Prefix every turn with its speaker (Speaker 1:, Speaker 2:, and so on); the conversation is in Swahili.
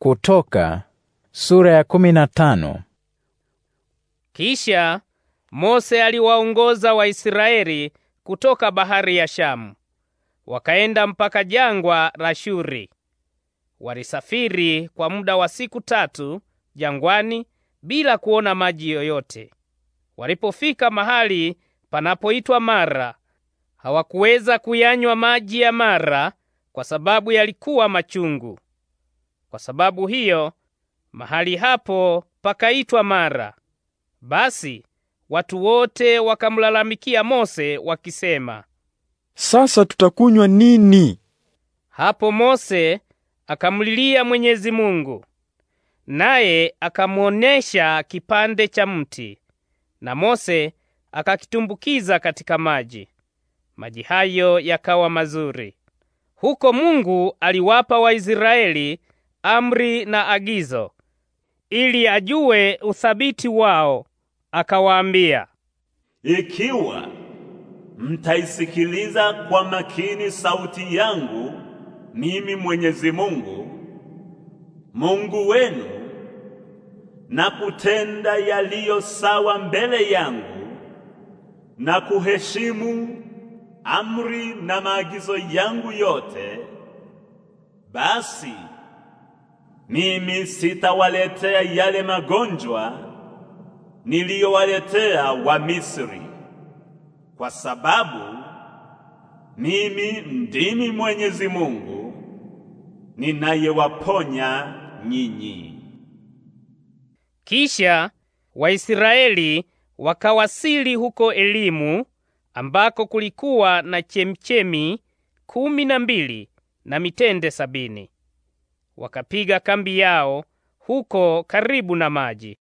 Speaker 1: Kutoka sura ya kumi na tano. Kisha Mose aliwaongoza Waisraeli kutoka bahari ya Shamu wakaenda mpaka jangwa la Shuri. Walisafiri kwa muda wa siku tatu jangwani bila kuona maji yoyote. Walipofika mahali panapoitwa Mara, hawakuweza kuyanywa maji ya Mara kwa sababu yalikuwa machungu. Kwa sababu hiyo mahali hapo pakaitwa Mara. Basi watu wote wakamlalamikia Mose wakisema,
Speaker 2: sasa tutakunywa nini?
Speaker 1: Hapo Mose akamlilia Mwenyezi Mungu, naye akamuonesha kipande cha mti, na Mose akakitumbukiza katika maji. Maji hayo yakawa mazuri. Huko Mungu aliwapa Waisraeli amri na agizo, ili ajue uthabiti wao. Akawaambia, ikiwa mtaisikiliza
Speaker 2: kwa makini sauti yangu, mimi Mwenyezi Mungu Mungu wenu, na kutenda yaliyo sawa mbele yangu na kuheshimu amri na maagizo yangu yote, basi mimi sitawaletea yale magonjwa niliyowaletea wa Misri, kwa sababu mimi ndimi Mwenyezi Mungu ninayewaponya
Speaker 1: nyinyi. Kisha Waisraeli wakawasili huko Elimu ambako kulikuwa na chemchemi kumi na mbili na mitende sabini wakapiga kambi yao huko karibu na maji.